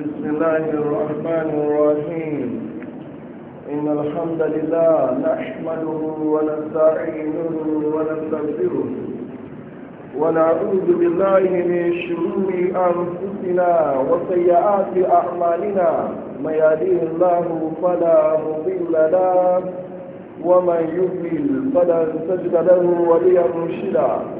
بسم الله الرحمن الرحيم إن الحمد لله نحمده ونستعينه ونستغفره ونعوذ بالله من شرور أنفسنا وسيئات أعمالنا من يهديه الله فلا مضل له ومن يضلل فلا تجد له وليا مرشدا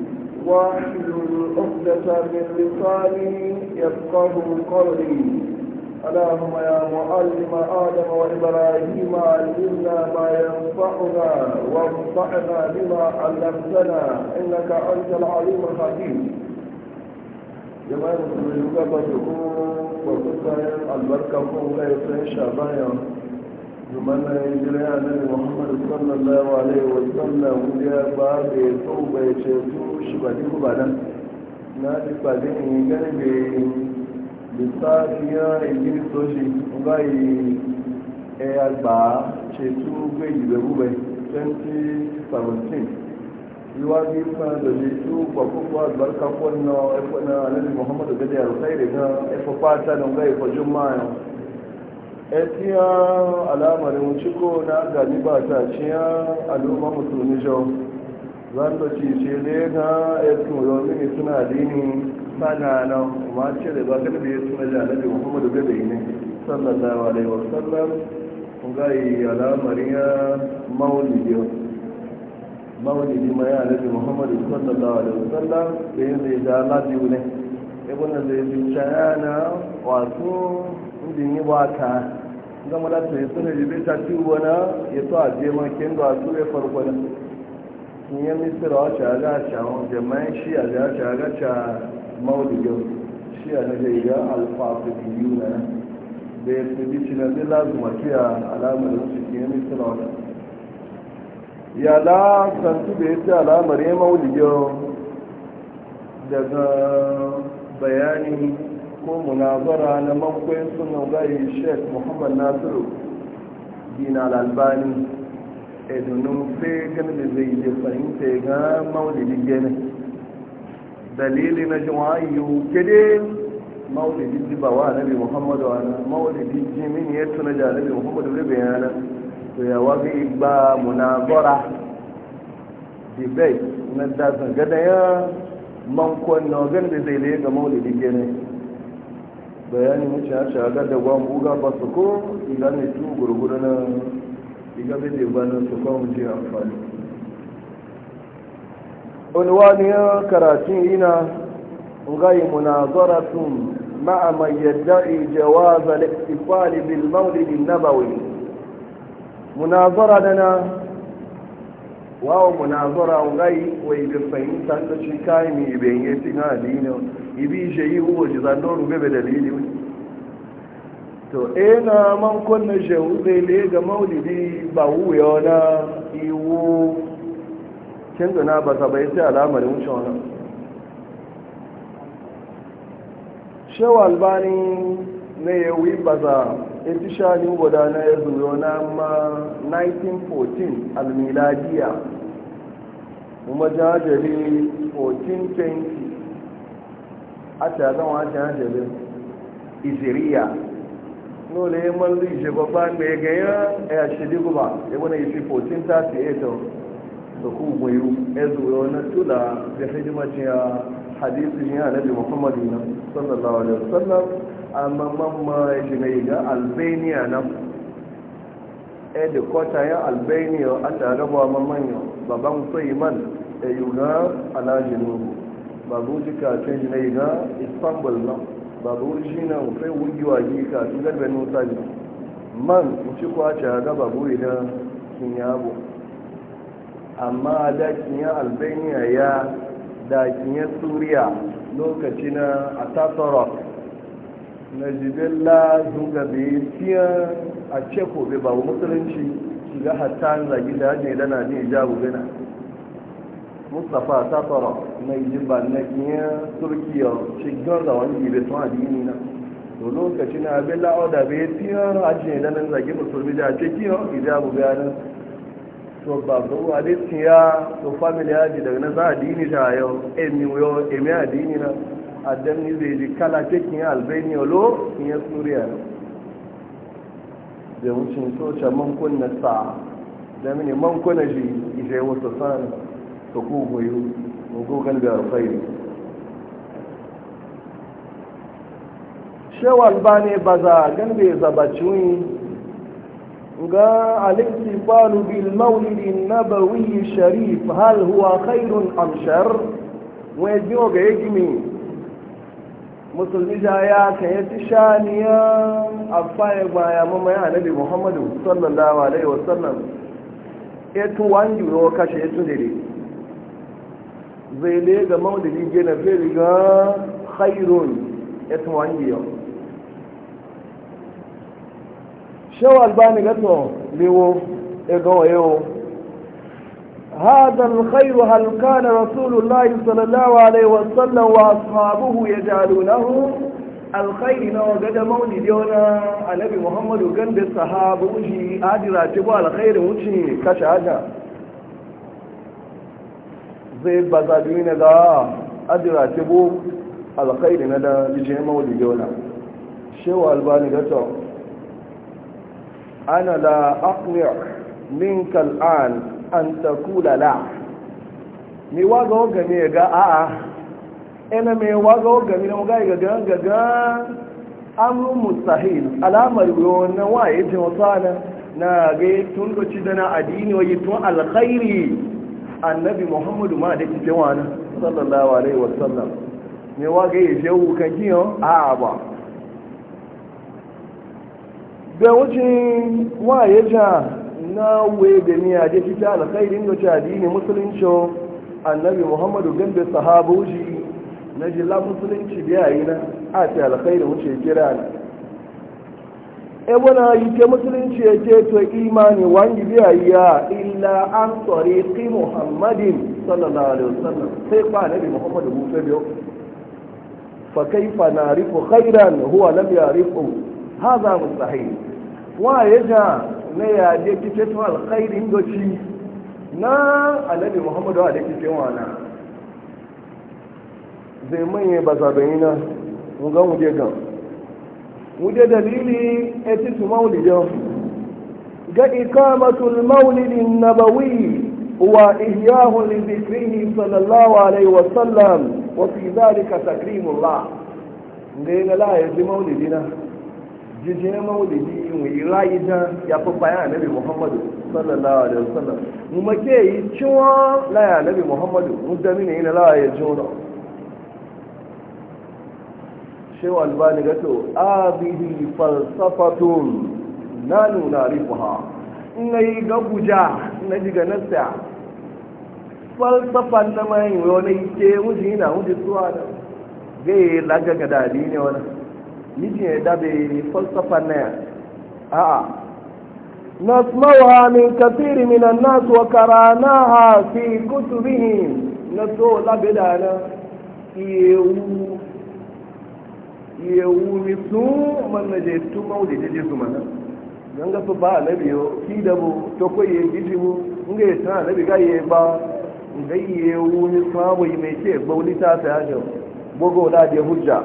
واحد عقدة من لساني يفقه قولي اللهم يا معلم آدم وإبراهيم علمنا ما ينفعنا وانفعنا بما علمتنا إنك أنت العليم الحكيم جماعة المسلمين قد تكون وقصة البركة فوق لا يصير شعبان ومن يجري على محمد صلى الله عليه وسلم يا باب توبة يشتو شبادي بعدا نادي بعدين يجري بساتيا يجري سوشي وغاي ẹgbà ṣètú gbé ìgbẹ̀gbẹ̀ 2017 ìwádìí ìfẹ́ lòdì tó pàpọ̀pọ̀ àgbàríkà pọ̀ náà ẹ̀fọ́ náà alẹ́lẹ́ muhammadu gẹ́gẹ́ àrùsáìrì náà ẹ̀fọ́ etiya alamarin ciko na gani ba ta ciya al'umma musulmi jau zan da cice ne na etu yomi ne suna dini sana na ma ce da ba kan biye suna jalabi gada yi ne sallallahu alaihi wa sallam ga yi alamarin ya maulidi maulidi ma ya alabi muhammadu sallallahu alaihi wa sallam da yin zai da labiyu ne ibn zai zuciya na wasu inda yi ba ta gama da ta yi suna jibe ta ci wana ya to a je man kin ba su ya farko da in ya misira wa ta ga ta wa jama'in shi a ga ta ga ta maulidin shi a na zai ga alfafiki na da ya su bici na zai lazuma kiya alamar su ke misira wa ya la santu da ya ce alamar ya maulidin daga bayani ko munazara na makwai suna gari sheik muhammad nasiru dina albani edunin eh, fegan da zai je fahimta ga maulidi gane dalili na jama'ayyu kede ba wa nabi muhammadu ana maulidi jimin ya tuna da nabi muhammadu da bayana to ya wabi ba munazara debate na dazan gada ya mankon na wagan da zai lega maulidi gane bayani mace a shagar da gwan buga ba su ko iga ne tu gurgura na iga bai da ba su kwa wuce amfani wani wani ya karatun ina ngai munazaratun ma'a mai yadda jawaza al-ihtifal bil mawlid an-nabawi munazara dana wawo munazara ngai wai bi fahimta ta shi kai mi benye na adini ibi yi huwa shi zanen rube da dalili to ena man kunna shahu zai ne ga maulidi ba huwa wani iwu canza na ba sabai sai alamar wuce wani shewa albani na yawi ba za a e ti shani guda na ya zuwa na ma 1914 almiladiya kuma jajali 1420 àti àtàwọn àti àjẹ̀lẹ̀ ìsìríyà ní olè mọ́lú ìṣẹ́gbọ́gbá gbẹ̀ẹ́gẹ̀ ẹ̀yà ṣẹ́dígúbà ẹgbọ́n ìfi 1438 sọkú na yi ga albania na edikota ya albania a tare babban sai man da e yuga alajin babu ji kafin na yi na istanbul na babu shi na fai wujewa ji kafin garbe nusa ne man ci kwace ga babu idan kin bu amma da kinya albania ya da kinya suriya lokaci na atasarok na zuwa zuga bai fiye a ceko bai babu musulunci shiga hatta zagi da hajji dana ne jabu gana mustapha tsoro mai jimba na kiyar turkiya shigar da wani ibe tun addini na to lokaci na abin la'auda bai fiyar ajiyar da nan zage musulmi da ce kiyar a bayanin to ba zuwa hadisin ya to family ya ji daga na za a dini ta yau emi yau emi a dini na adam ni zai ji kala ke kiyar albania lo kiyar suriya na da wucin soce man mankunan sa da mini mankunan shi ishe wasu sani فكوه وكوه قلبي أرخير شو الباني بزا قلبي زبتشوين قال الاحتفال بالمولد النبوي الشريف هل هو خير أم شر ويجيو بيجمي musulmi da ya kai tishaniya a faye baya mamaye annabi muhammadu sallallahu alaihi wasallam etu wangi yau kashe zai ne ga maulidi gina zai riga khairun ya tuwangi yau shawo albani gato lewo ya gawa yau halka الخير هل كان alaihi الله صلى الله عليه وسلم وأصحابه يجعلونه alkhairi na waga da maulidi wani anabi muhammadu gan da sahabu shi adira ci ba alkhairin wuce kashe haka zai ba za a na ga ajira ta bu alkhairi na da jijiyar maulidi yola shewa albani da ta ana la aqni min kal'an an kula la mai waga oga ne ga a'a ina mai waga oga ne mu ga ga ga ga amru mustahil alamar na waye jin wasana na ga tun da na adini wa yi tun alkhairi annabi muhammadu ma da kike wani sallallahu alaihi wasallam ne wa ga yi shehu kan kiyo a ba da wuce wa ya ja na wuye da ni da jiki alkhairin da ta dini musulunci annabi muhammadu gambe sahabuji na jila musulunci biya yi na a ta alkhairin wuce kira ne ebona yike musulunci ya ce to imani wani biya ya illa an tsari ki muhammadin sallallahu alaihi wasallam sai ba nabi bi bu fe biyo fa na narifu khairan huwa lam yarifu haza mustahil wa ja na ya je kice to alkhairin goci na alabi muhammadu wa da kice wana zai manye bazabina mun ga mu je gan wuje dalili etitu maulidin ga ikamatul maulidin nabawi wa ihyahu li dhikrihi sallallahu alaihi wa sallam wa fi dhalika takrimullah ngai la yaji maulidina jijiyar maulidi mai ra'ida ya fi baya annabi muhammadu sallallahu alaihi wasallam mu make yi cewa laya annabi muhammadu mu dami na shewa albani gato abihi falsafatun na nuna rifuha na yi gabuja na jiga nasa falsafan na mai wani ike wuji na wuji suwa da gai lagaga dadi ne wani mijin ya dabe falsafan na ya a'a na ha fi من na so labe da na iye wu ya wumi su manna je mana don ga su ba da bu to ko ye jiji mu ba wumi mai ce bauli ta ta da hujja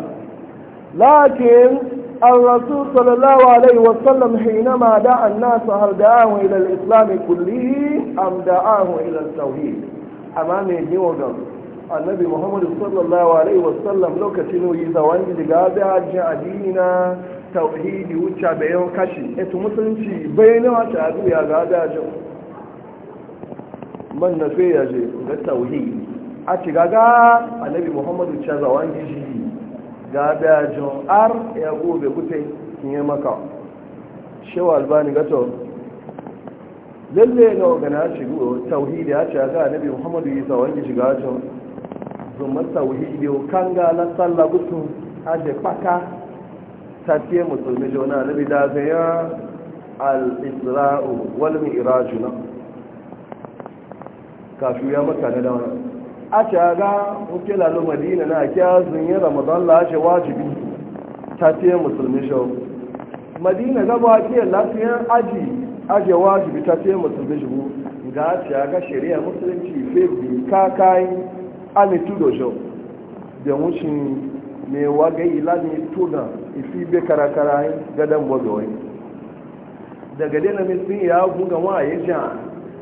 lakin الرسول صلى الله عليه وسلم حينما دعا الناس هل دعاه إلى الإسلام كله أم دعاه إلى التوحيد أمامي annabi muhammadu sallallahu alaihi wasallam lokacin yi zawon daga bihajjin addini na tauhidi wuce bayan kashi eto musulunci bayanin wata abu ya ga bihajjin man na fe ya ga tauhidi a ci gaga annabi muhammadu ce zawon gijiri ga bihajjin ar ya gobe gute yi maka shewa albani gato lalle ga ogana shigo tauhidi a ci gaga annabi muhammadu yi zawon gijiri ga wajen zuma tauhidi kanga la sallah gutu aje paka tafiye musulmi jona na da zaya al-isra'u wal mi'raj na kafi ya maka da wani a ga nke lalu madina na kya zunye ramadan la aje wajibi tafiye musulmi jo madina gaba ke lafiyar aji aje wajibi tafiye musulmi jo ga a ga shari'a musulunci fe bi kakayi ami tudo jo da wucin me ni tu tuna ifi be karakara yi gadan wagawai daga mi fi ya guga wa ya ja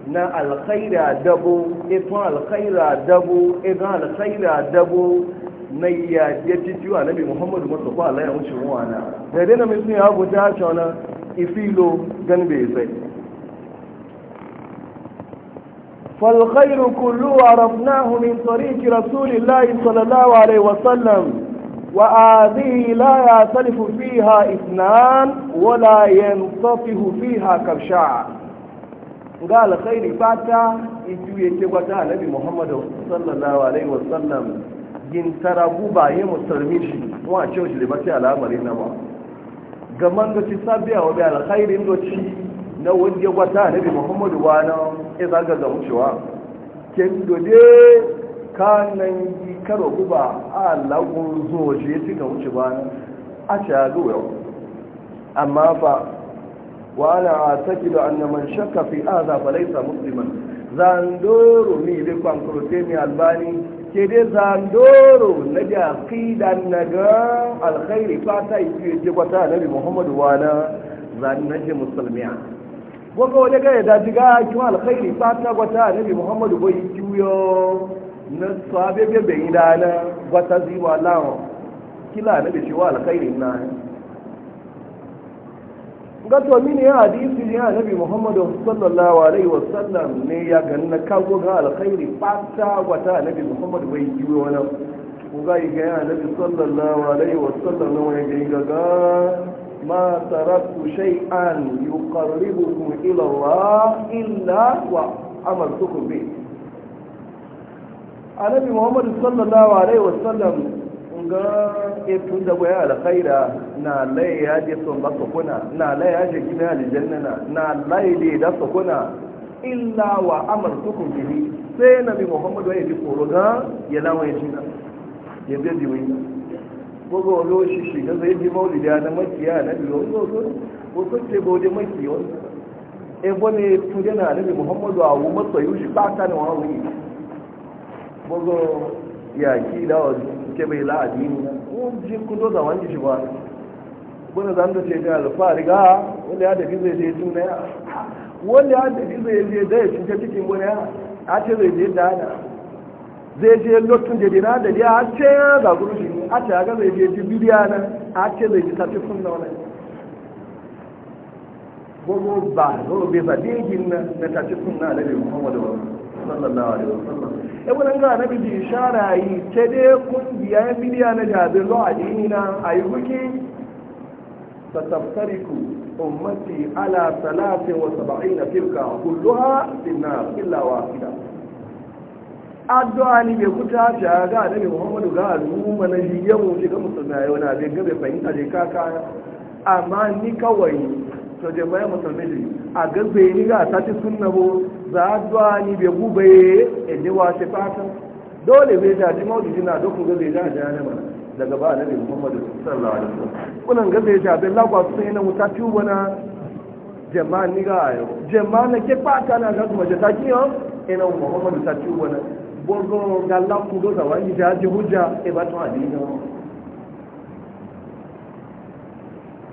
na alkhaira dabo ifon e alkhaira dabo ifon e alkhaira dabo na ya ya titiwa nabi muhammadu mustapha allah wa wucin wana da mi fi ya guga ta na ifilo gan bai sai فالخير كله عرفناه من طريق رسول الله صلى الله عليه وسلم وهذه لا يعتلف فيها إثنان ولا ينصفه فيها كبشاع قال خير فاتا يتوي يتوى النبي محمد صلى الله عليه وسلم جن ترابو باية musulmi shi wa cewa shi da bace al'amarin na ba gaman da ci sabiya wa bi alkhairin da ci na wajen wata bi muhammadu wa ya zaga ga wucewa ken ka kanan yi karo guba a lagun zoje ya cika wuce ba a shagu yau amma fa na a saki da annaman shakka fi a zafalaisa musulman zandoro ne kwankuro te mai albani ke dai zandoro na da dan na ga alkhairi fata yi fiye je na nabi muhammadu wa na zanen shi musulmiya gwagwa wani gaya da jiga kiwa alkhairi ba ta gwata nabi muhammadu bai juyo na sabe bebe yi da na gwata ziwa lawa kila nabi shi wa alkhairi na ga to mini ya hadisi ya nabi muhammadu sallallahu alaihi wasallam ne ya ganna kago ga alkhairi ba ta gwata nabi muhammadu bai juyo wani ga yi ga ya nabi sallallahu alaihi wasallam na wani ga ما تركت شيئا يقربكم إلى illa wa وعملتكم bi. annabi muhammadu sallallahu alaihi wasallam ga etun da waya alkhaira na laye ya je son ba su na laye ya je gina aljanna na na laye da da su kuna illa wa amartukum bihi sai nabi muhammadu ya ji koro ga ya lawa ya ji ya bi ji wani gbogbo olóòṣì ṣìgá zai di maulidi a na makiya na biyu wani zozo wasu ce gode maki wani ebo ne tun yana nabi muhammadu a wu masu yi shi ɓata ne wani wuni gbogbo yaki da wani ke bai la'adi ne wani ji kudo da wani shi ba wani zan da ce da alfa riga wanda ya tafi zai je tun na ya wanda ya tafi zai je da ya cince cikin wani ya a ce zai je da ana zai je lotun da dina da ya ce ga gurushi a ce ga zai je jibiliya nan a ce zai ji tafi sun da wani gogo ba gogo bai ba dingin nan na tafi sun na alabi muhammadu wa sallallahu alaihi wa sallam ibn e an ga nabi ji shara yi ce dai kun biya bidiya na jabe zo a dini na ayi huki tatabtariku ummati ala 73 firqa kulluha fi nar illa wahida addu'a ne bai kuta ta ga ne Muhammadu ga al'umma na jiya mu shi ga musulmai yau na bai gabe fahimta da kaka amma ni kawai to mai musulmi ne a gabe ni ga ta ci sunna bo za addu'a ne bai gubaye e eh, ne wa ce fata dole bai da ji maudi na doku ga bai da ba daga ba annabi Muhammadu sallallahu alaihi wasallam kunan ga ya ta bai lagwa sai na mutaci wana jama'a ni ga ayo jama'a na ke fata na ga kuma jata kiyo ina eh, Muhammadu ta ci wana gbogbo galakun ló dàwà yìí dá jẹ hújá ìbátan àdínà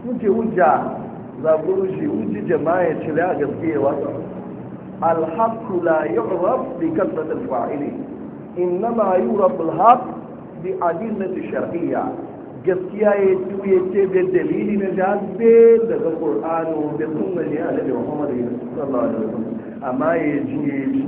hújẹ hújá zagboro shi hújẹ jama'a ya cire a gaskiya wata alhaku la yu'raf bi kalmat alfa'ili innama yu'raf alhaq bi adillati shar'iyya gaskiya ya tuye ce da dalili na jazbe daga qur'ani da sunna ne a da Muhammad sallallahu alaihi wasallam amma ya ji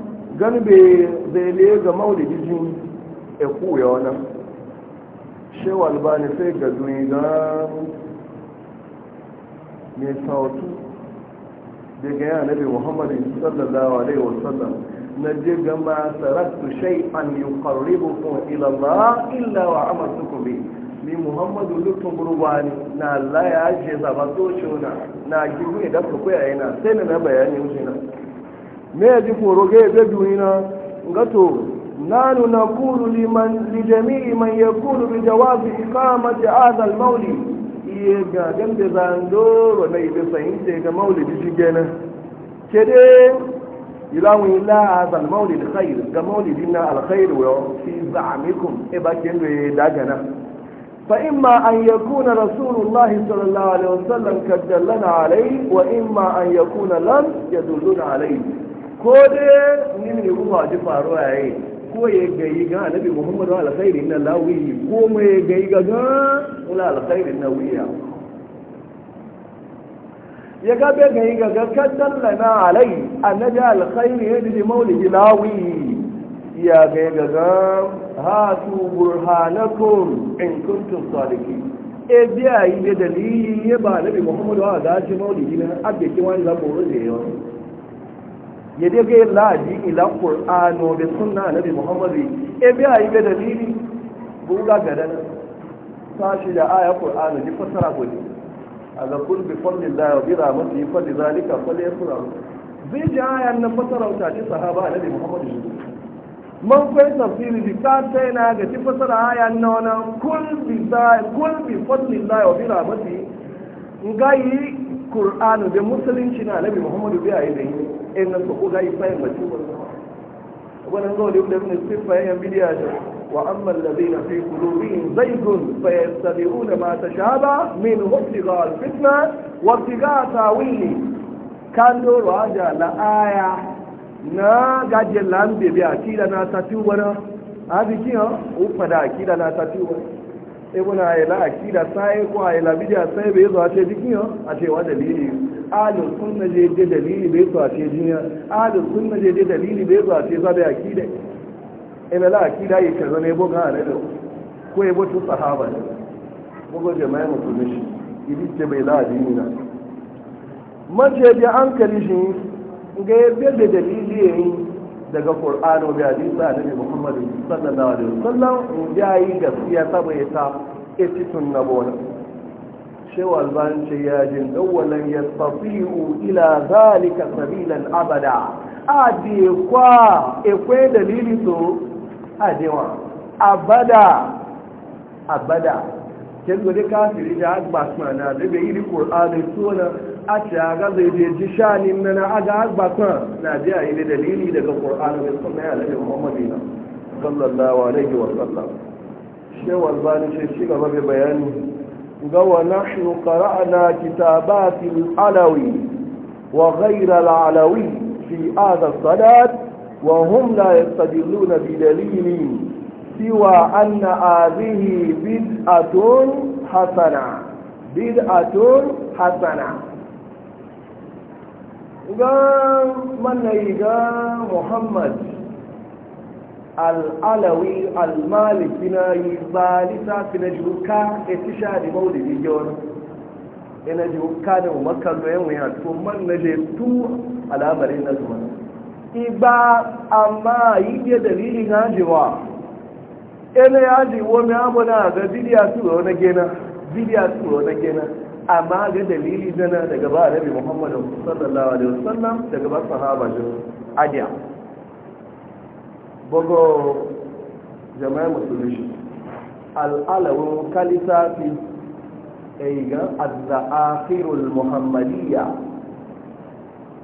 gan be zai le ga maulidijin jin e ya wannan shewa albani sai ga duni ga me sautu daga ya nabi muhammad sallallahu alaihi wasallam na je ga ma saraktu shay'an yuqarribukum ila allah illa wa amartukum bi ni muhammadu lutun gurbani na laya ya je zaba to shona na gibu idan ku koyayina sai na bayani wuce na me ya ji koro ga duniya ga to nanu na nuna liman lijami'i man ya kulu bi jawazi ikamati hadha al-mawlid iye ga dan da zandoro na ibe fahimta ga maulidi shi kenan kede ilawun ila hadha al-mawlid ga maulidina al-khair wa fi za'mikum e ba ken e da daga na فإما أن يكون رسول الله صلى الله عليه وسلم قد دلنا عليه وإما أن يكون لم يدلنا ko dai ni ne kuma ji faruwa yayi ko ya gayi ga annabi muhammadu alkhairi na lawi ko mai ya gayi ga ga ula alkhairi na wiya ya ga bai gayi ga ga kaddan lana alai annabi alkhairi ya ji maulidi lawi ya gayi ga ga hatu burhanakum in kuntum sadiqin e biya yi da dalili ya ba annabi muhammadu a gaji maulidi na abbe kiwani za mu rode yau ya daga laji ila qur'ano bi sunna nabi muhammadu e bi ayi da dalili buga gadan sashi da aya qur'ano ji fasara gode aga kul bi fadlillahi yi bi rahmatihi fa lidhalika falyafrahu zai ji ayan na fasara ta ci sahaba bi muhammadu man kai tafsiri bi ta sai na ga ji fasara ayan nan kul bi kul bi fadlillahi wa bi rahmatihi ngai Kur'anu da musulunci na Nabi Muhammadu biya yi da eh, yi in na su kuka yi fayin mace wani zuwa da ibn sifa yayin bidiya da wa amma alladhina fi qulubihim zaygun fayattabi'una ma tashaba min ibtigha al-fitna wa ibtigha tawili kan do raja la aya na gaje lambe bi akida na tatiwa na ibuna eh, ayela akida sai ko ayela bidiya sai bai zo a ce jikiyo a ce dalili ahlus dalili bai zo a ce jinya ahlus sunna je je dalili bai zo a ce zabe eh, ko yebo tu sahaba ne ko go je na an kali shi ga dalili daga ƙor'ano da hadisa da ne muhammadu sallallahu alaihi wasallam ya yi gaskiya saba ya ta tun na bona shewa albanin ce ya jin ɗauwalan ya tafi'u ila zalika sabilan abada adekwa ekwe dalili to adewa abada abada kendo dai kafiri da agba da na yi iri ƙor'ano sunan. a ce a ga zai je ji shanin na na aga agba kan na ji a yi da dalili daga ƙor'an da sun na yalabi muhammadu na sallallahu alaihi wa sallam shewar bani ce shi gaba bai bayani ga wa nahnu qara'na kitabatil alawi wa ghayra al alawi fi hadha salat wa hum la yastadilluna bi dalilin سوى أن هذه بدعة حسنة بدعة حسنة ga manayi ga muhammad al'alawi al-maliki na yi ba fi na juka ya ci sha da maulidi gyawar yana juka da makar da yawon ya to man na je tu al'amarin na zuwa iba amma yi ke dalilin hajiwa yana yaji wani abu na ga bidiyar su wani wani gina amma ga dalili dana daga ba nabi muhammadu sallallahu alaihi wasallam daga ba sahaba jin adiya bugo jama'a musulmi al'alawun kalisa fi ɗaiga azza'afirul muhammadiyya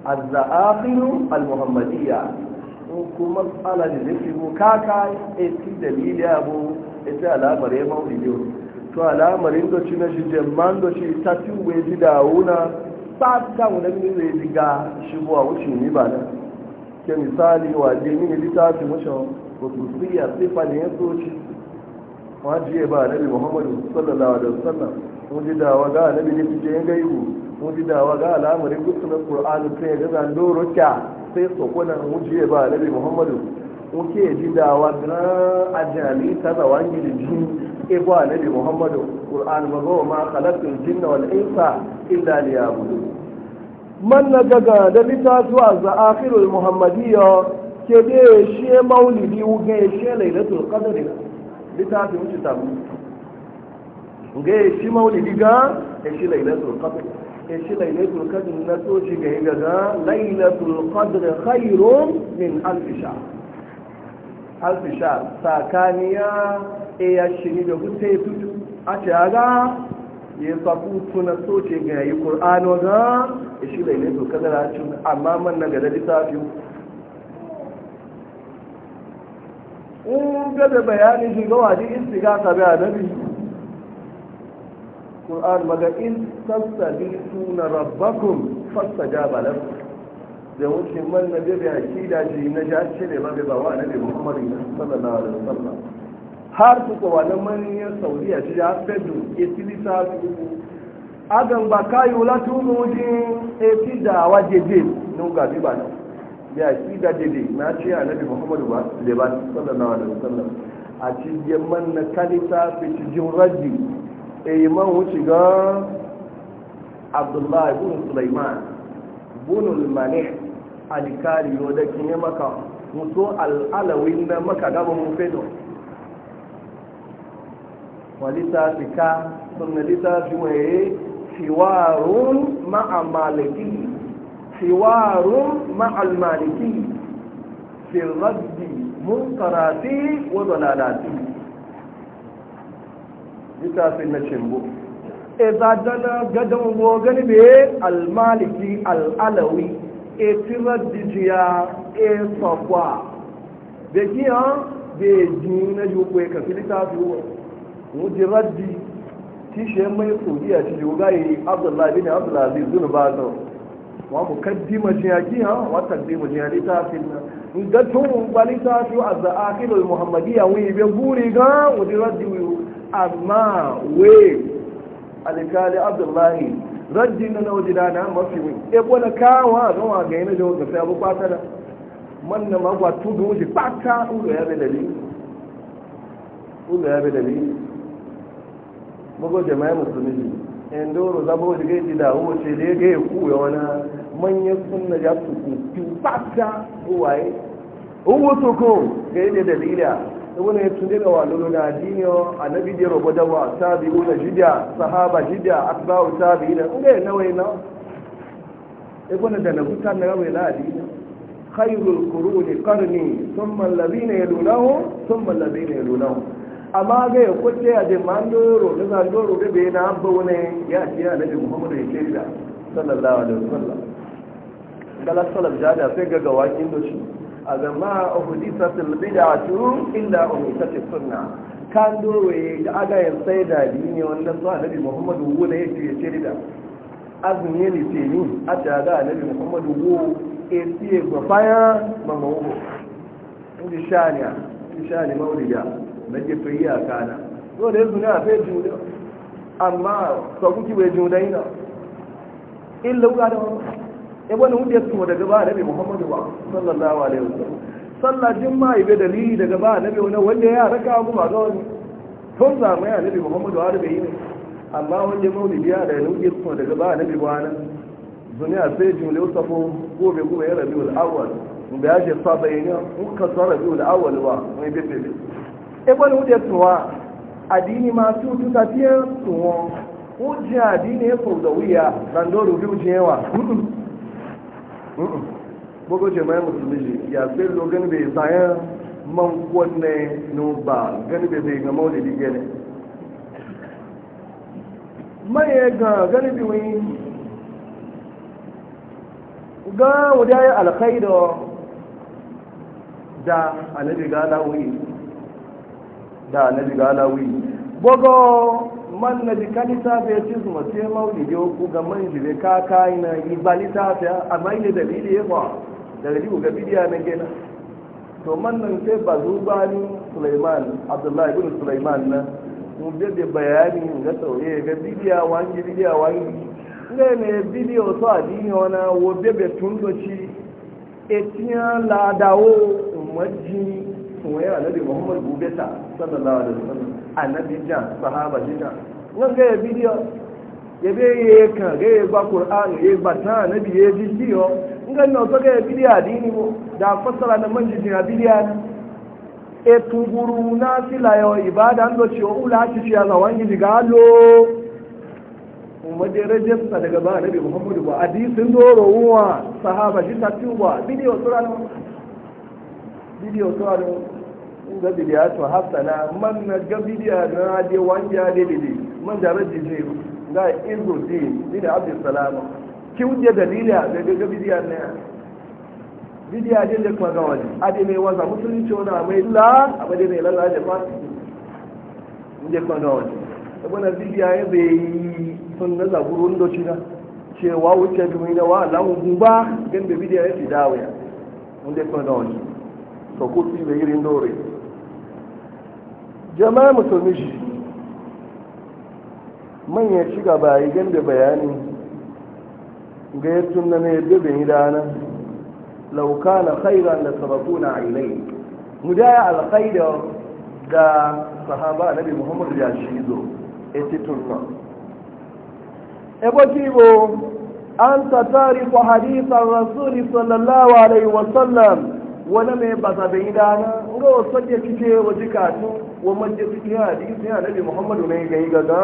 azza'afiru al-muhammadiyya in kuma tsala da zafi kaka eti dalili abu ita alamar ya maulidi to alamarin doci na shi jamman doci ta fi weji da wuna ba ta wunan ne zai diga shigowa wuce ne ba nan ke misali wa je mini littafi mashi hususiyya sifa ne ya soci wajiye ba nabi muhammadu sallallahu alaihi wasallam mun ji dawa ga nabi ne fice yin gaibu mun ji dawa ga alamarin gusu na qur'ani sai ga zan doro kya sai sokona mun ji ba nabi muhammadu mun ke ji dawa ga ajali ta zawangi da jini ebo annabi muhammadu qur'an mago ma khalaqtul jinna wal insa illa liya'budun man na gaga da zuwa za akhirul muhammadiyya ke be she maulidi uge shi lailatul qadr lita litatu wuce tabu uge shi maulidi ga shi lailatul qadr shi lailatul qadr na to shi ga ga lailatul qadr khairun min alf shahr harfi sha tsakaniya e ya shiri da kusa ya tutu a ce a ga ya faku tuna soce ga yi ƙur'ano ga ya shi bai nesu kadara cin amma man na gada lissafi in gada bayanin shi ga waje in shiga sabi a nabi ƙur'an maga in bi tuna Rabakun fasta jabalar da wuce man na bebe a kida shi na ja ne ba bai ba wa nabi muhammadu sallallahu alaihi wasallam har su ko wani sauri ya shi ya fedu itili sa su agan ba kayo la tunu jin eti da wa jeje no ga bi ba nan ya kida jeje na ce annabi muhammadu ba le ba sallallahu alaihi wasallam a cikin man na kalita fi cikin raddi e ma wuce ga abdullahi ibn sulaiman bunul manih alikariyo da kinye maka mutu al'alawin na maka gaba mun fedo walita fika sunnalita fi waye shiwarun ma'amaliki shiwarun ma'almaliki fi raddi munkarati wa dalalati fi na cimbo e zadana gadon gogani be almaliki al'alawi etirar dijiya e sakwa da giya da ji na jukwe ka filita su ji raddi tishe mai saudiya ci juga yi abdullahi bin abdullahi zun ba ta wa mu kaddima jiya giya wa ta jiya litafin in ga tun balita su az-zaakhirul muhammadiyya wi be guri ga ji raddi amma we alikali abdullahi rajin na nawa jida na mafi wani ebo na kawa ga wa ga yana jawo gasa abu kwata da man na magwa tudu wuce kwata ulo ya bai dalili ulo ya bai mago jama'a musulmi ne in doro zaba wajen gaji da wuce da ya ga ya kuwa wani manyan sunna ya su kuwa kwata uwaye in wasu ko ga yi da dalila wani ya tunde da walulu na diniyo a na bidiyar rubutawa ta tabi una jidya sahaba jidya akbaru tabi da ɗaya ya nawa? na ibn da na buta na rawai na diniyo khairul quruni qarni thumma alladhina yalunahum thumma alladhina yalunahum amma ga ya kwace jima an mandoro da zandoro da bai na abba wani ya ce ya nabi muhammadu ya ce da sallallahu alaihi wasallam kala salaf jada sai ga gawakin da shi a gama a hudisa inda umisati sunna kan dowe ga agayen sai da ne wanda su annabi muhammadu wu da ya ce ce da azumi ne litini a taga annabi muhammadu wu e siye ga baya ma wu inda shaniya shani maulida na ke fi yi a kana yau da ya zuni a fai juda amma bai juda ina da wani ibn ya to daga ba nabi muhammadu ba sallallahu alaihi wasallam sallah jumma'a ibe dalili daga ba nabi wani wanda ya raka mu ba ga wani tun zamai a nabi muhammadu har bai yi ne amma wanda maulidi ya da ya hudayr to daga ba nabi ba nan duniya sai usafu ko gobe kuma ya rabi wal awwal da ya ce saba yi ne muka tsara biyu wal awwal ba mai bebe ibn ya to addini masu tutafiyar tsohon hujja addini ya faudawiya zandoro biyu jewa boko jama'a musulmi ji ya sai lo gani bai saya man kwanne no ba gani bai zai ga maulidi gane maye ga gani bi wani ga wuda ya alkhairu da annabi ga lawi da annabi ga lawi bogo man na jika littafi ya ci zuma sai maulidi ku ga man jibe ka kayi na yi ba littafi amma yi ne dalili ya kwa daga jiku ga bidiya na gina to man nan sai ba zubani suleiman abdullahi ibn suleiman na mu mun da bayani ga tsaure ga bidiya wangi bidiya wangi ne ne bidiyo so adini wana wo bebe tun doci etiyan ladawo majini sun yi alabi muhammad bubeta sallallahu alaihi wasallam annabi jan sahaba jijan nan ga ya bidiyo ya be ya kan ga ya ba qur'an ya ba ta annabi ya ji kiyo ngan no to ga ya bidiyo adini mo da fassara na manji jin bidiyo e tunguru na sila yo ibada do ci o ula ci ci ala wangi diga lo umade je sa daga ba annabi muhammadu ba hadisin doro uwa sahaba jita tuba bidiyo sura no bidiyo ra no ga bidiya to hasana man na ga bidiya na de wanja de de man da raji ne ga izuddin bin abdul salam ki wuje dalila da ga bidiya ne bidiya de da kuma ga wani ade mai waza musulunci wani mai la abade mai la da fa inda kuma ga wani abana bidiya ya bai sun na zaburun doci na cewa wuce dumi na wa lamun ba ganda bidiya ya fi dawo ya inda kuma ga wani so ku irin dore jama'a musulmi shi manyan shiga ba yi gan da bayani ga ya tunna na yadda bin idana lauka na khaira da sababu na ainihi mu da ya alkhaida da sahaba nabi muhammadu ya shi zo a e titunna ebotibo an ta tarifa hadithan rasuri sallallahu alaihi wasallam wani mai basa bin idana ga wasu ya kike wa jikatu wa majalisun ya hadisi ya nabi muhammadu ne ga yi gaga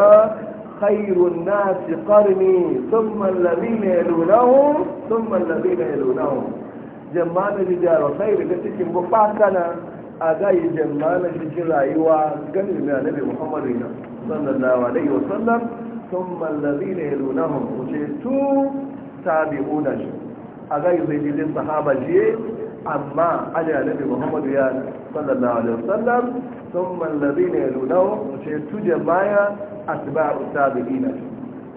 khairun nasi qarni thumma alladhina yalunahum thumma alladhina yalunahum jama'a da jaro khair ga cikin bufakana a ga yi jama'a rayuwa ganin da nabi muhammadu ne sallallahu alaihi wasallam thumma alladhina yalunahum wuce tu tabi'una shi a ga yi zai sahaba je amma ajiyar nabi muhammadu ya sallallahu alaihi wasallam sun mallabi ne lunau ce tuje baya a tiba usta da gina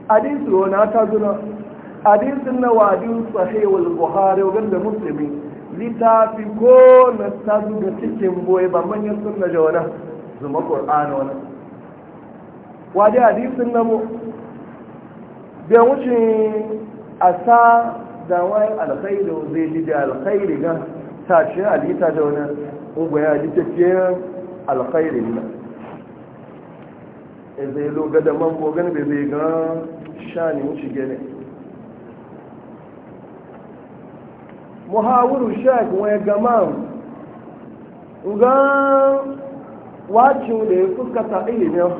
hadisu wani ta zuna hadisun na wajin sahihul buhari wajen da musulmi littafi ko na ta zuga cikin boye ba manyan sunna jona zuma qur'ani wani wajen hadisun na mu bai wuce a sa da wani alkhairu zai ji da alkhairu gan ta ce alita da wani ugwa ya ji tafiyar alkhairin nan e zai zo ga da mambo gani bai zai ga shani shige ne muhawaru shek wani gama ga wacin da ya fuskata ilimin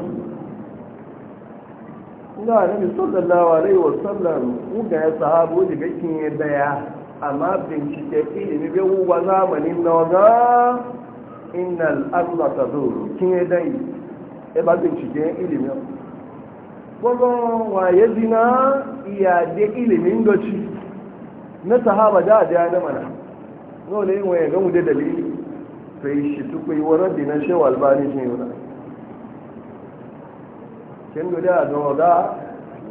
ga nabi sallallahu alaihi wasallam ga ya sahabu da gakin ya daya amma bincike ilimi bai wuwa zamanin na waga ina arda ta zuru kin yi dai e ba bincike ilimi gwagwan waye jina iyade ilimin doci na sahaba da da na mana dole yin waye gamu da dalili fai shi tukwai wani dinar shewar albani shi yau na kin gudu a zama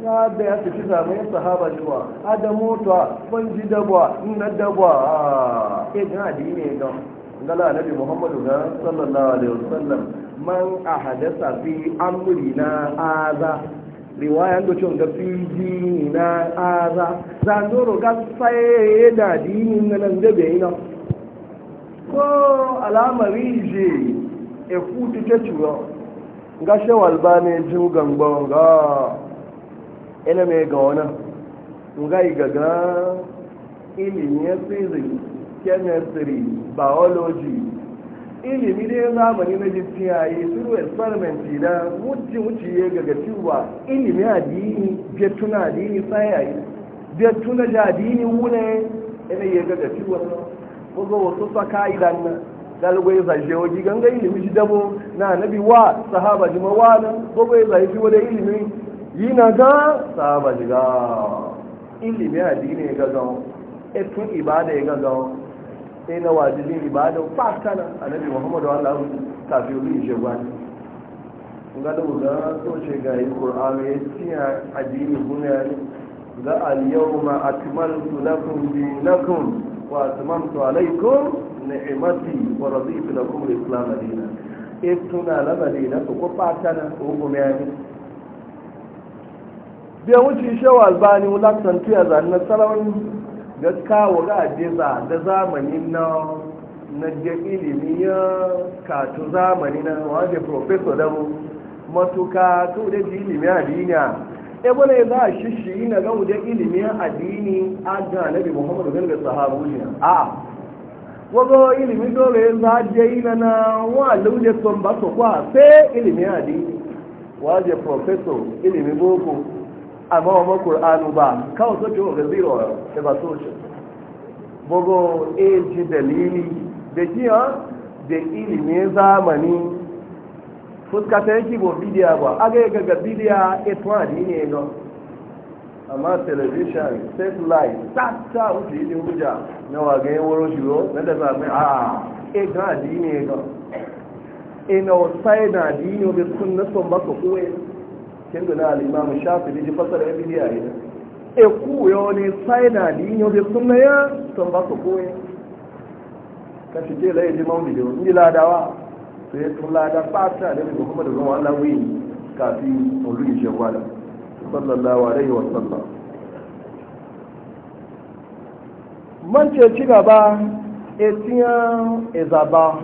na da ya fi zamanin sahaba jiwa adamu ah, ta ban ji dabwa na dabwa a ejin eh, adini don gala nabi muhammadu na sallallahu alaihi wasallam man a hadasa fi na aza riwayan da cin ga fiji na aza zandoro ga tsaye da adini na nan bai ina ko alamari je ekutu ta ciwo ga shawal ba ne jin gangon ga ina mai ga wani ngai gaga ilimin physics chemistry biology ilimi dai zamani na jitiyayi suru experiment na wuce wuce ya gaga cewa ilimi addini je tuna addini sai yi, je tuna da addini wune ina ya gaga cewa ko ga wasu saka idan na galwai zaje waji ganga ilimi shi dabo na nabi wa sahaba jima wa nan ko bai zaje wani ilimi yi na ga sahaba jiga ilimi addini ya gaggawa etun ibada ya gaggawa sai e na wajibin ibada fatana annabi muhammadu allah tafi olu ishe gwani ga da wuga so ce ga yi ƙur'ani ya tiya addini guna ne aliyau ma akmaltu lakum dinakum wa atmamtu alaikum ni'mati wa raditu lakum al-islam dinan etuna la madina ko fatana ko kuma ya biya wuce shawa albani wulaksan tuya zanen salon ga kawo ga jeza da zamanin na na je ilimi ya katu zamani na wajen profesor da mu matuka to da ji ilimi adiniya e bane za a shishi na ga wajen ilimi adini a ga nabi muhammadu bin da sahabu ne a wago ilimi dole za a je ina na wa lauje son ba su kwa sai ilimi adini wajen profesor ilimi boko amma wa makur'anu ba kawai soke wa gaziro ya ba soce bugu eji dalili da kiya da ilimin zamani fuska ta yake bo bidiya ba aga ya gaga bidiya etuwa da ne ga amma television satellite sata wuce yi hujja na wagayen wuro shiro na da zafi a ah, e ga adini ga ina e wasu sai e na adini obi sun nasu ba su kuwa e. kendo na al'imamu shafi ne ji fasar ya biyu yi na Eku kuyo ne sai na din yau da sunna ya san ba su koyi ka shi ce lai ji maulidi ni ladawa Su ya tun lada fata da mai kuma da zuwa ala wuyi kafin ulul shawala sallallahu alaihi wa sallam man ce ci gaba etiyan ezaba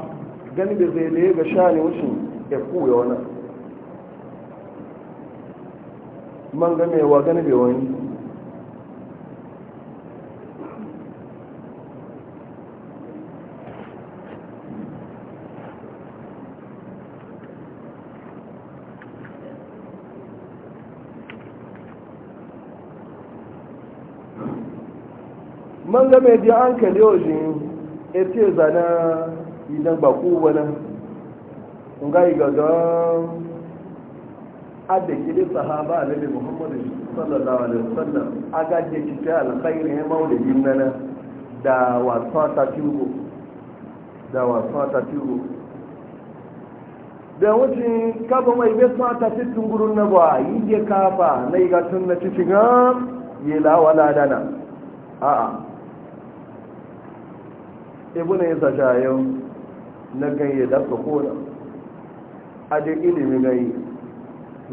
gani da zai le ga shani wucin eku kuyo na man ga mewa wa gani bai wani man ga mai biya an kalli ojin ete zana idan ba ku wani ga gagan adda gidan sahaba annabi muhammadu sallallahu alaihi wasallam aga je kike alkhairi ya maulidin nana da wasu ta tugo da wasu ta tugo da wuce kaba mai bai sa ta fi na ba yi je kafa na yi gatun na cikin ha yi lawala dana a'a ibu na yi sashayen na ganye da su kona a je ilimin ganye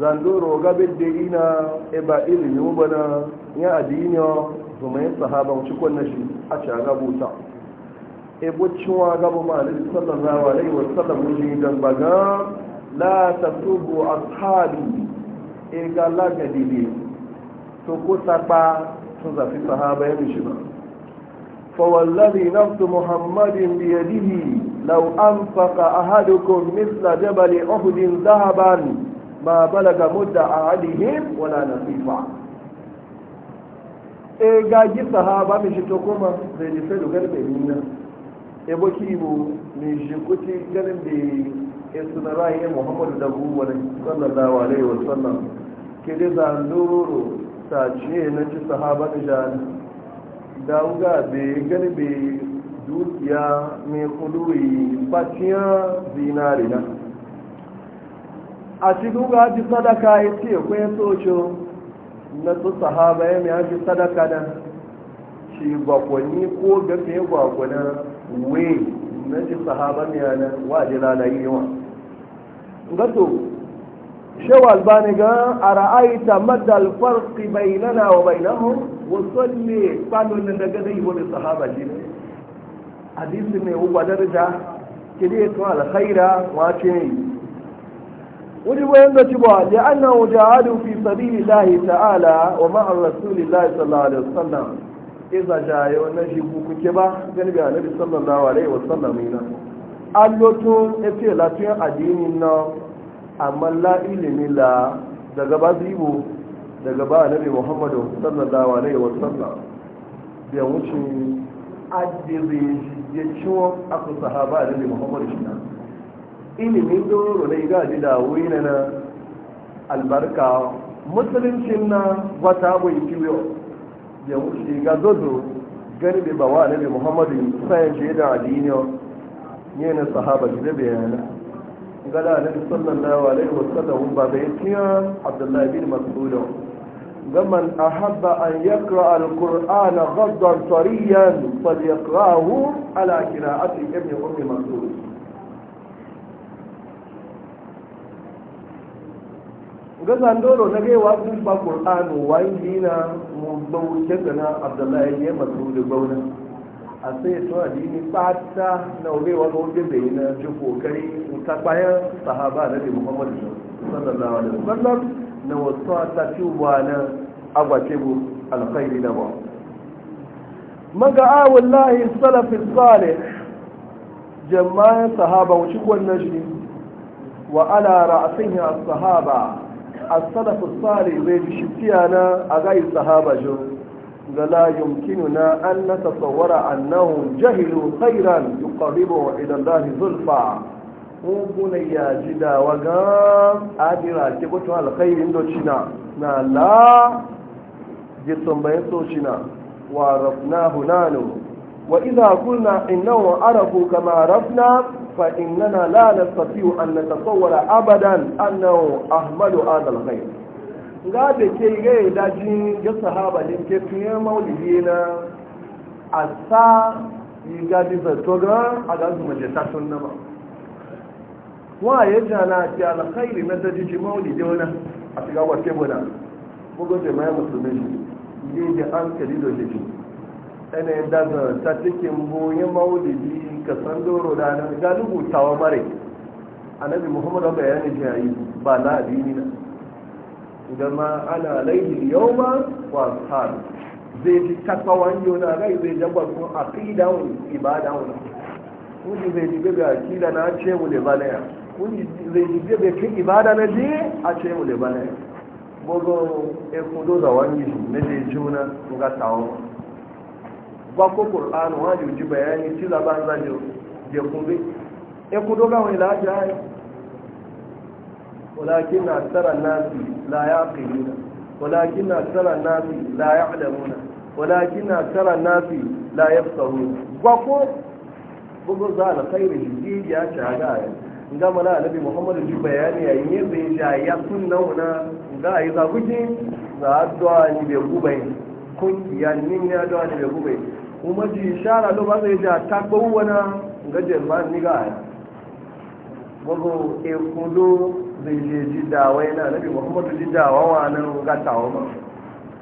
zandoro gabin da ina eba ilimi wubana ya adiniyo domin sahaba wuce kwanne shi a ci a gabuta e cinwa gaba ma alaihi sallallahu alaihi wasallam wuce dan baga la tasubu ashabi e ga laga dide to ko sapa sun zafi sahaba ya mishi ba فوالذي نفس محمد بيده لو أنفق ahadukun مثل Jabali أحد ذهبا ma balaga mudda ahadihim wala nasifa e ga gi sahaba mi shi to kuma zai ji fedu garbe nina e boki bu mi shi kuti garbe e suna rayi muhammadu da buwa da sallallahu alaihi wa sallam ke da zanduru ta ce na ci sahaba da jani da uga be garbe dukiya mai kuduri baciya zinarina a cikin ga ji sadaka ya ce kwaye soco na su sahaba ya mai haji sadaka na shi gwakwani ko gafe gwakwana we na ji sahaba mai yana ji lalayi yawa gato ba ni ga a ta madal farki bai nana wa bai nahu wasan ne kwanon da daga zai wani sahaba shi ne hadisi mai ugwadar da kiri tun alkhaira wace ne ولوين بتبوا لأنه جاهدوا في سبيل الله تعالى ومع رسول الله صلى الله عليه وسلم إذا جاءوا نجيبوا كتبا جنب النبي صلى الله عليه وسلم هنا ya ete latin addinin na amma la ilimi la daga ba zibo daga ba nabi muhammadu sallallahu alaihi wasallam da wuce adiri ya ciwon aku sahaba nabi muhammadu shi ilimin doro da iga ji da wina na albarka musuluncin na wata bai kiwo ya wuce ga zozo gani bai bawa nabi muhammadu sai je da adiniyo ne na sahaba ji da bayana gada nabi sallallahu alaihi wasallam ba bai tiya abdullahi bin Masudu. gaman ahabba an yaqra alqur'ana ghaddan tariyan falyaqrahu ala qira'ati ibn ummi mas'ud ga zandoro na gai wa sun ba ƙur'anu yi dina mu bauce da na abdullahi ya masu da gauna a sai to addini fata na gaiwa wa wajen da yi na ji kokari ta bayan sahaba na bi muhammadu sallallahu alaihi wasallam na wasu ta ci wa na agwace bu alkhairi da ba maga awon lahi salafin salih jama'in sahaba wuce wannan shi wa ala ra'asin ya sahaba as-salafu salih zai ji shifiya na a gai sahaba jo ga la yumkinuna an natasawwara annahum jahilu khairan yuqarribu ila zurfa. zulfa hukuna ya ji dawa ga adira ke kutu alkhairin do china na la je tambaye so china wa rafna hunanu wa idha qulna innahu arafu kama rafna فإننا لا نستطيع أن نتصور أبدا أنه أحمل هذا الخير ga ke daji ga sahaba ne ke fiye maulidi na a sa yi gadi zato ga a gazu nama wa ya jana ke alkhairi na daji maulidi wani a shiga wa tebuna ko mai ɗana ya daga ta cikin boye maulidi ka san doro da nan ga rubutawa mare annabi muhammad bayani jayi ba na addini na ma ana laihi yau ma wa sahabi zai ji takawan yau na rai zai jaba a aƙida wani ibada wani kuni zai ji bebe kila na ce mu lebanaya kuni zai ji bebe kin ibada na je a ce mu lebanaya gogo ekudo da wani ne zai juna ga tawo kwa ko qur'an wa ji bayani ci zaban zajo je kumbe e ku doga wani laja ai walakin aktsara nasi la yaqiluna walakin aktsara nasi la ya'lamuna walakin aktsara nasi la yafqahuna kwa ko bugu za al khair ji ya shaga ai nga mala annabi Muhammadu ji bayani yayin zai ya a ya sunna wana ga ai za kuke za addu'a ni be gubai kungiya ni ne addu'a ni be gubai kuma ji shara lo ba zai ja ta na, ga jerman ni ga ya gbogbo ekudo zai je ji dawa yana nabi muhammadu ji dawa wa nan ga tawo ma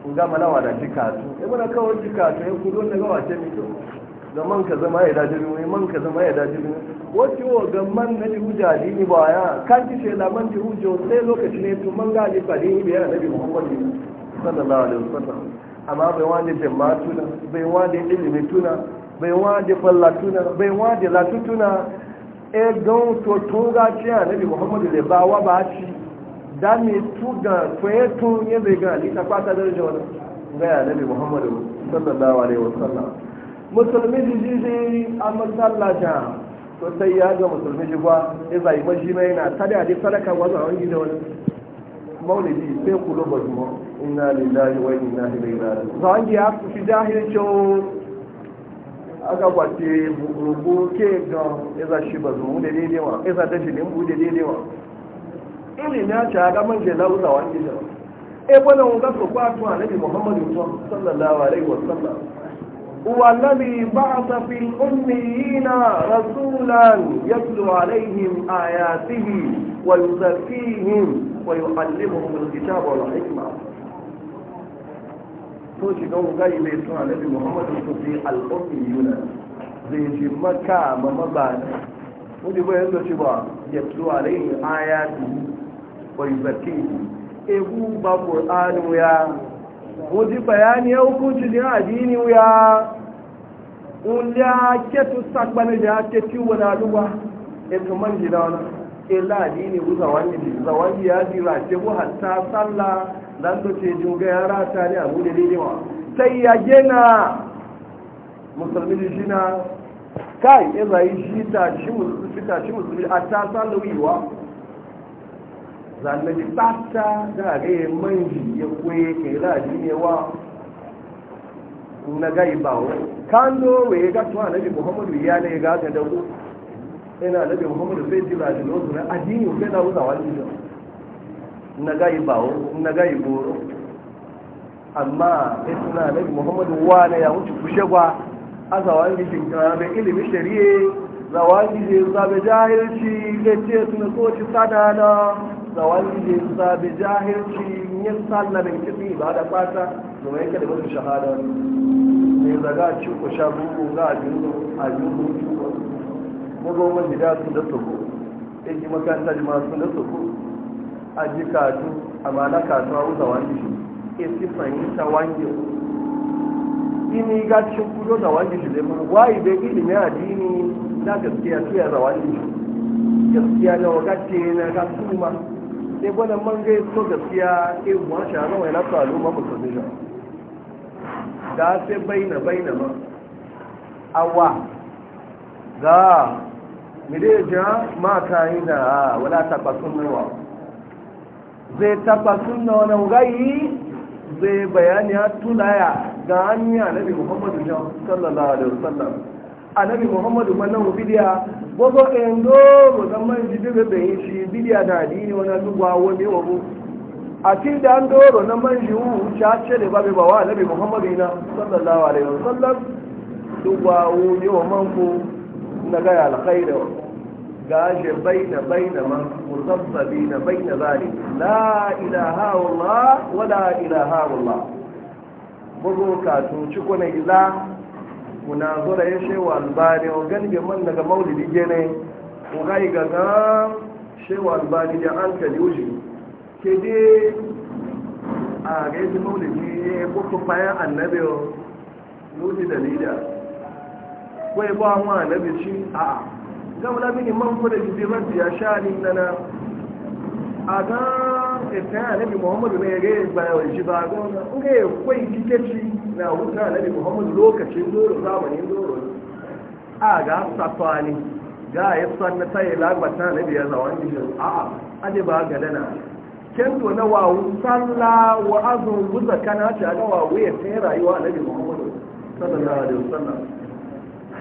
ku ga malawa da jikatu e mana kawo jikatu ya e kudo na gawa ce mito to da man ka zama ya daji ne man ka zama ya daji ne Wacce wa ga man na ji hujja dini ba ya kan ji shela man ji hujjo sai lokaci ne tun man gaji ji ba dini biya nabi muhammadu sallallahu alaihi wasallam amma bai wani jama tuna bai wani ilimi tuna bai wani falla tuna bai wani latu tuna e don to tunga ce a nabi muhammadu da ba wa ba ci da mi tuga tsaye tun ya zai ga ni ta kwata daraja wani ga nabi muhammadu sallallahu alaihi wasallam musulmi jijiji a masallata to sai ya ga musulmi ji kwa e ya zai mashi mai na tada da sadaka wazan wani da wani maulidi sai kulo ba juma'a inna lillahi wa inna ilaihi raji'un zangi ya fi jahilci aka kwace rubu ke gan iza shi ba zuwa da daidai wa iza da shi limbu da daidai wa ilimi ya ce ga manje lauza wa gida e bana mun ga ko atu annabi muhammadu sallallahu alaihi wa sallam huwa alladhi ba'atha fil ummiyina rasulan yatlu alaihim ayatihi wa yuzakkihim wa yuallimuhum alkitaba wal hikma so shiga yi mai suna nabi muhammadu su fi al'ummi yuna zai ji maka ma mabana wani yanzu ce ba ya tuwa rai ayati wai zarki egu ba qur'ani wuya wani bayani ya hukunci a addini wuya uliya ketu sagbani da ake ciwo na duwa eto man gida wani ila e, addini ne zawani ya jira ce bu hatta sallah zan to ce joga ya rata ne abu da dewa sai ya gina musulmi shi na kai ya zai shi ta shi musulmi ta shi musulmi a ta salawiwa zan da tsata da ga manji ya kwaye ke raji ne wa na gai bawo kando ya gatuwa na nabi muhammadu ya ne ga ga dawo ina nabi muhammadu ji ba da lozu na addini sai da wuzawa ne na bawo na gayi goro amma suna nabi muhammadu wane ya wuce kushe gwa a zawon gijin kanabe ilimin shari'a zawon gijin zabe jahilci zai ce suna soci sadana zawon gijin zabe jahilci yin sallabin kitsi ba da fata domin yake da wasu shahada ne zaga ci ko sha buku ga ajinu ajinu mugo man gida sun da soko ɗin ji makaranta jima sun da soko a ji a amma na katu a wuta wangi shi e si fahimta wangi ini ga cikin kudo da wangi shi zai mun wayi bai ilimin addini na gaskiya tuya da wangi shi gaskiya na wakace na ga kuma sai e gwada man gai e so gaskiya e buwan shahara wai yana e faru ma musulmi da da sai baina baina ma awa ga mire ja mata yi da wala ta kwasun mai wa zai taba sunna wani gayi zai bayani ya tulaya ga hanyar annabi muhammadu jan sallallahu alaihi wasallam annabi muhammadu manan bidiya gbogbo endo musamman ji bebe bayin shi bidiya na adini wani lugwa wani wabu a cikin da an doro na manji wuce ce da babe bawa wa annabi muhammadu na sallallahu alaihi wasallam lugwa wani wa manko na gaya alkhairu gaje baina baina man na baina zalik la ilaha illallah wa la ilaha illallah bugu ka tun ci kuna ila kuna zura ya shewa albani o galibi man daga maulidi gene o gai gaga shewa albani da an kali uji ke de a ga yi maulidi ya buku fayan annabi o da lida ko ya ba mu annabi shi a'a gaula mini man da jibi man ya sha ni nana a ta etan annabi muhammadu ne ga ba wa shi ba ga in ga kwai ci na wuta annabi muhammadu lokacin doro zamanin doro a ga safani ga ya sanna sai lagbata annabi ya zawan shi a a aje ba ga dana to na wawu salla wa azun buza kana ta ga wawu ya sai rayuwa annabi muhammadu sallallahu alaihi wasallam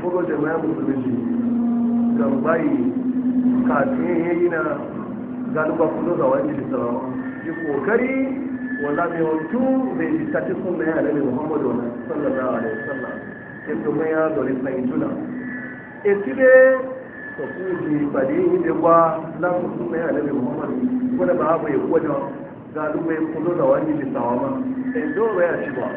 ko da jama'a musulmi gambayi kafin ya yi na galiba kudu da wani lisawa yi kokari wanda mai wancu zai ji tafi sun na yana ne muhammadu wani sallallahu alaihi wasallam ya tuma ya zori sanyi tuna eti ne ta kuji bade yi e ne ba na sun na yana mai muhammadu wani ba abu ya kuwa da galiba ya kudu da wani lisawa ma sai e dole ya ci ba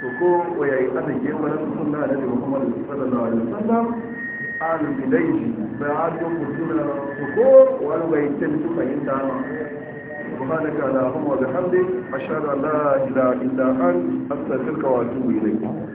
to ko wayayi ana gefe na sun na yana ne muhammadu sallallahu alaihi wasallam al bidaiji bai hajjo kusur na sukor wani bai tabi su fahimta ma subhanaka allahumma wa bihamdik ashhadu an la ilaha illa anta astaghfiruka wa atubu ilayk